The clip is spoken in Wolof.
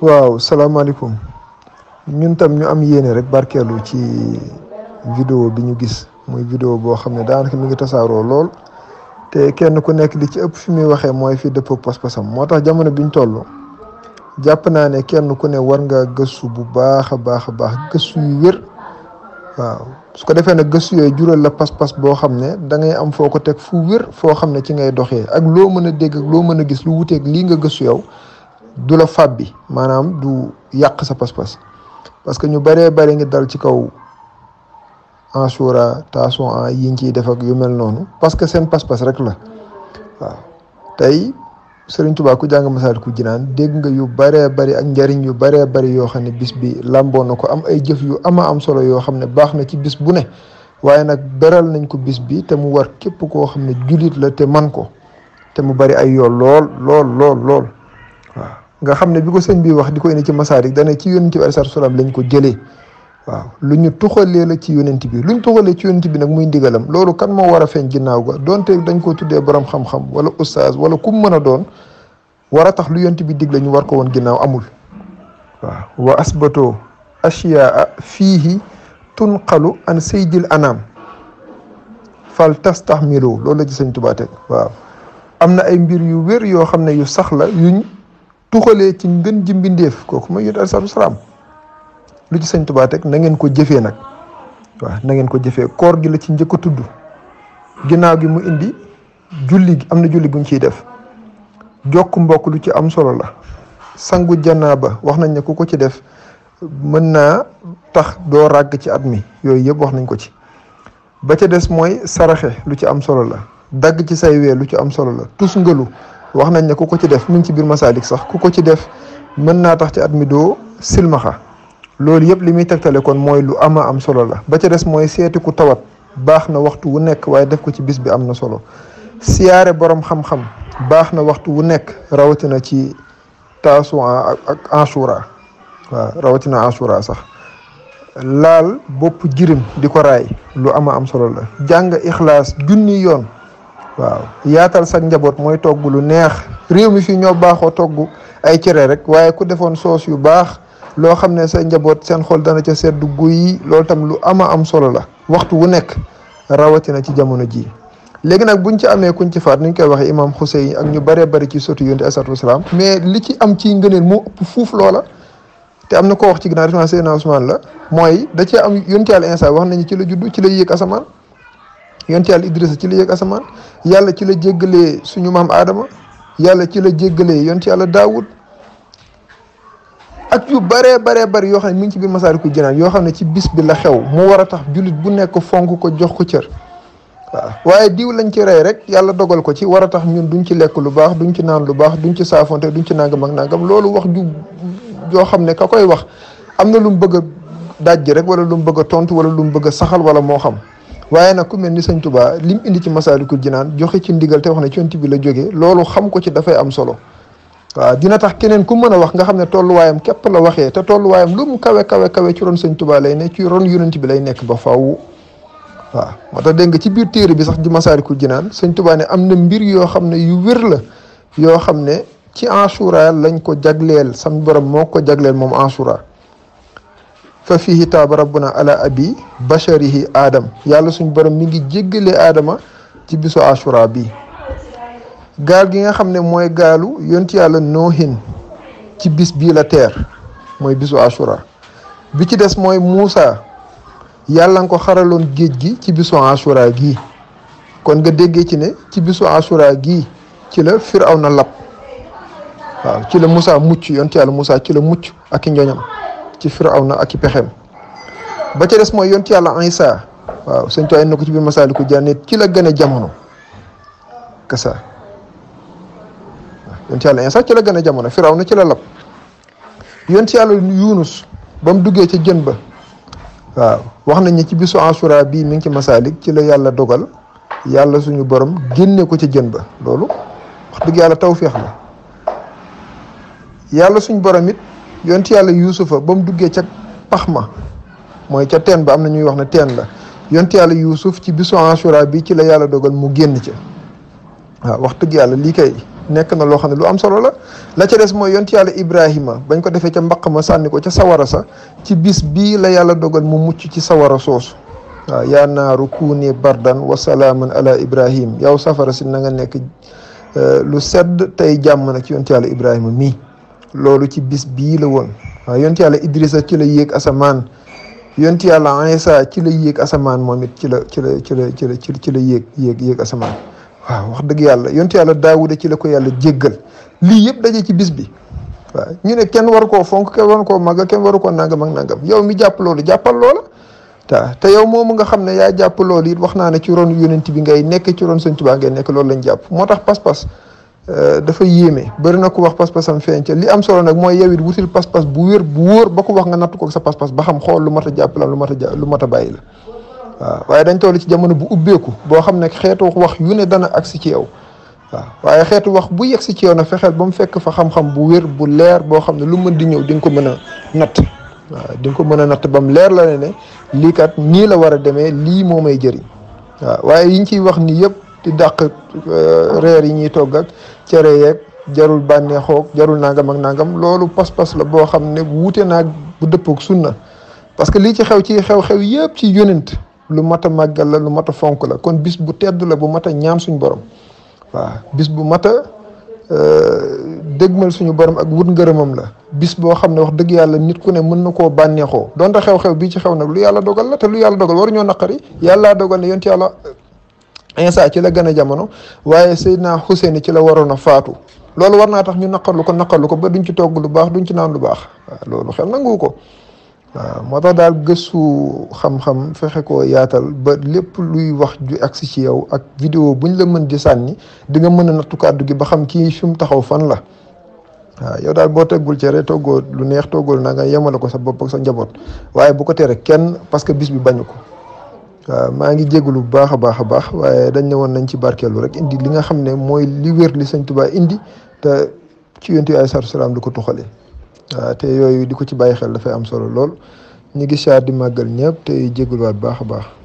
waaw salaamaaleykum ñun tam ñu am yéene rek barkeelu ci vidéo bi ñu gis muy vidéo boo xam ne daanaka mu ngi tasaaroo lool te kenn ku nekk li ci ëpp fi muy waxee mooy fi dëpp pas-pasam moo tax jamono bi ñu toll jàpp naa ne kenn ku ne war nga gëstu bu baax a baax a baax gëstu yu wér waaw su ko defee nag gëstu yooyu jural la pas-pas boo xam ne da ngay am foo ko teg fu wér foo xam ne ci ngay doxee ak loo mën a dégg ak loo mën a gis lu wuteeg lii nga gëstu yow du la fàbbi maanaam du yàq sa pas-pas parce que ñu baree bari ngi dal ci kaw Ashura Taasuwaa yi ñu ciy def yu mel noonu parce que seen pas rek la waaw tey Serigne Touba ku jàng Masaalikul Jinaan dégg nga yu baree bari ak njariñ yu baree bari yoo xam ne bis bi làmboo na ko am ay jëf yu ama am solo yoo xam ne baax na ci bis bu ne waaye nag beral nañ ko bis bi te mu war képp koo xam ne jullit la te man ko te mu bari ay yool lool lool lool lool nga xamne ne bi ko sëñ bi wax diko indi ci masarik dana ci yonent bi alayhi salaam lañ ko jëlé waaw luñu ñu la ci yonent bi lu ñu tuxalee ci yonent bi nak muy ndigalam lolu kan mo wara feñ feeñ ga donte dañ ko tuddé borom xam-xam wala oustaz wala kum mën doon wara tax lu yonent bi dig la ñu war ko won ginnaaw amul waaw wa asbato ashiyaa fihi tunqalu an sayyidil anam fal tastahmilu lolu ci sëñ Tuubaa tek waaw amna ay mbir yu wér yo xamne yu sax la yuñ tuxalee ci ngën ji mbindeef kooku mooy yonent alayhi salaatu wa salaam lu ci sëñ Tuubaa teg na ngeen ko jëfee nag waaw na ngeen ko jëfee koor gi la ci njëkk tudd ginnaaw gi mu indi julli am na julli buñ ciy def jokk mbokk lu ci am solo la sangu janaaba wax nañ ne ku ko ci def mën naa tax doo ràgg ci at mi yooyu yëpp wax nañ ko ci ba ca des mooy saraxe lu ci am solo la dagg ci say wee lu ci am solo la tus ngalu wax nañ ne ku ko ci def mu ngi ci biir masaalik sax ku ko ci def mën naa tax ci at mi doo silmaxa loolu yëpp li muy tegtale kon mooy lu ama am solo la ba ca des mooy seeti ku tawat baax na waxtu wu nekk waaye def ko ci bis bi am na solo siyaare borom xam-xam baax na waxtu wu nekk rawatina ci taasuwaan ak asura waaw rawatina asura sax laal bopp jirim di ko raay lu ama am solo la jàng ixlaas junni yoon waaw yaatal sa njaboot mooy togg lu neex réew mi fii ñoo baaxoo togg ay cere rek waaye ku defoon soos yu baax loo xam ne sa njaboot seen xool dana ca sedd guyi loolu tam lu ama am solo la waxtu wu nekk rawatina ci jamono ji léegi nag buñ ci amee kuñ ci faat nu ñu koy waxee imam Xuseyn ak ñu bëree bëri ci sotu yonte asatu wasalaam mais li ci am ci ngëneel moo ëpp fuuf loola te am na ko wax ci ginnaaw Seydina Ousmane la mooy da cee am yonte yàlla instant wax nañu ci la juddu ci la yéeg asamaan yonent yàlla Idrissa ci la yéeg asamaan yàlla ci la jéggalee suñu maam aadama yàlla ci la jéggalee yonent yàlla Daawud ak yu bare bare bari yoo xam ne mu ngi ci biir Masaalikul Jinaan yoo xam ne ci bis bi la xew mu war a tax jullit bu nekk fonk ko jox ko cër waaw waaye diw lañ ci rey rek yàlla dogal ko ci war a tax ñun duñ ci lekk lu baax duñ ci naan lu baax duñ ci saafonte duñ ci nangam ak nangam loolu wax ju joo xam ne ka koy wax am na lu mu bëgg a dajji rek wala lu bëgg tontu wala lu bëgg saxal wala moo xam. waaye nag ku mel ni sëñ Tuubaa lim indi ci Masaalikul Jinaan joxe ci ndigal te wax ne cont la jógee loolu xam ko ci dafay am solo waaw dina tax keneen ku mën a wax nga xam ne tolluwaayam képp la waxee te tolluwaayam lu mu kawe kawe kawe ci ron sëñ Tuubaa lay ne ci ron yonent bi lay nekk ba faaw. waaw moo tax dégg nga ci biir téere bi sax di Masaalikul Jinaan sëñ Tuubaa ne am na mbir yoo xam ne yu wér la yoo xam ne ci Aasuraa lañ ko jagleel sam borom moo ko jagleel moom Aasuraa fa fihi taaba rabbuna ala abi basharihi aadam yàlla suñ borom mi ngi jéggalee aadama ci bisu ashura bi gaal gi nga xam ne mooy gaalu yonti yàlla noohin ci bis bii la teer mooy bisu ashura bi ci des mooy Muusa yàlla nga ko xaraloon géej gi ci bisu ashura gi kon nga déggee ci ne ci bisu ashura gi ci la firaw na lab waaw ci la Muusa mucc yonti yàlla Muusa ci la mucc ak i njoñam ci na ak i pexeem ba ca des mooy yontu yàlla Isa waaw sëñ Tuubaa na ko ci biir Masaalikul Jinaan ci la gën a jamono kasa yontu yàlla Isa ci la gën a jamono firawna ci la lab yontu yàlla Yunus ba mu duggee ca jën ba waaw wax nañ ne ci bisu Ashura bii mi ngi ci Masaalik ci la yàlla dogal yàlla suñu boroom génne ko ca jën ba loolu wax dëgg yàlla tawféex la yàlla suñu borom yonti yàlla yuusufa ba mu duggee ca pax ma mooy ca teen ba am na ñuy wax ne teen la yonti yàlla yuusuf ci bisu Ashura bi ci la yàlla dogal mu génn ca waaw wax dëgg yàlla lii kay nekk na loo xam ne lu am solo la la ca des mooy yonti yàlla ibrahima bañ ko defee ca mbaq ma sànni ko ca sawara sa ci bis bii la yàlla dogal mu mucc ci sawara soosu waaw yaa naaru kuuni bardan wa salaaman ala ibrahim yow safara si nanga nga nekk euh, lu sedd tey jàmm nag ci yonti yàlla ibrahima mii loolu ci bis bii la woon waaw yonti yàlla Idrissa ci la yéeg asamaan yonti yàlla Isa ci la yéeg asamaan moom it ci la ci la ci la ci la ci la yéeg yéeg yéeg asamaan waaw wax dëgg yàlla yonti yàlla Daawuda ci la ko yàlla jéggal lii yëpp daje ci bis bi ñu ne kenn waru koo fonk kenn waru koo màgg kenn waru koo nangam ak nangam yow mi jàpp loolu jàppal loola waaw te yow moomu nga xam ne yaa jàpp loolu it wax naa ne ci ron yonent bi ngay nekk ci ron Sëñ Tuubaa ngay nekk loolu lañ jàpp moo tax pas-pas Euh, dafa yéeme bëri na ko wax pas-pasam feeñ ca li am solo nag mooy yow it wutil pas-pas bu wér bu wóor ba ko wax nga natt ko sa pas-pas ba xam xool lu mat a jàpp lu mat a ja mat a bàyyi la waaye dañ toll ci jamono bu ubbeeku boo xam ne xeetu wax yu ne dana si ci yow waaw waaye xeetu wax bu yegg si ci yow na ba mu fekk fa xam bu wér bu leer boo xam ne lu mën di ñëw di nga ko mën a natt di nga ko mën a natt ba mu leer la ne lii kat nii la war a demee lii moo may jëriñ waaye yiñ ciy wax ni yëpp di dàq euh, reer yi ñuy togg ak cere yeeg jarul bànneexoog jarul nangam ak nangam loolu pas-pas la boo xam ne wuute naag bu dëppoog na parce que lii ci xew ci xew-xew yëpp ci yonent lu mat a màggal la lu mat a fonk la kon bis bu tedd la bu mat a ñaan suñu borom waa bis bu mat a euh, dégmal suñu borom ak wut ngërëmam la bis boo xam ne wax dëgg yàlla nit ku ne mën na koo bànneexoo donte xew-xew bii ci xew nag lu yàlla dogal la te lu yàlla dogal waru ñoo naqari yàlla dogal ne yonent yàlla Insa ci la gëna jamono waye sayyidina Hussein ci la warona faatu loolu warna tax ñu naqarlu ko naqarlu ko ba duñ ci togg lu baax duñ ci naan lu baax loolu xel nangu ko mo moo tax daal gëstu xam-xam fexé ko yaatal ba lepp luy wax ju agsi ci yow ak vidéo buñ la mën di sanni di nga mëna nattu gi ba xam ki fim taxaw fan la yow dal bo teggul re togo lu neex togo na nga yamal ko sa bop ak sa njabot waye bu ko tere kenn parce que bis bi bañu ko waaw maa ngi jégalu bu baax a baax a baax waaye dañ ne woon nañ ci barkeelu rek indi li nga xam ne mooy li wér li sëñ Tuubaa indi te ci yonent bi alayhi salaatu salaam lu ko tuxalee waaw te yooyu di ko ci bàyyi xel dafay am solo lool ñu ngi saar di màggal ñëpp te jégaluwaat baax a baax.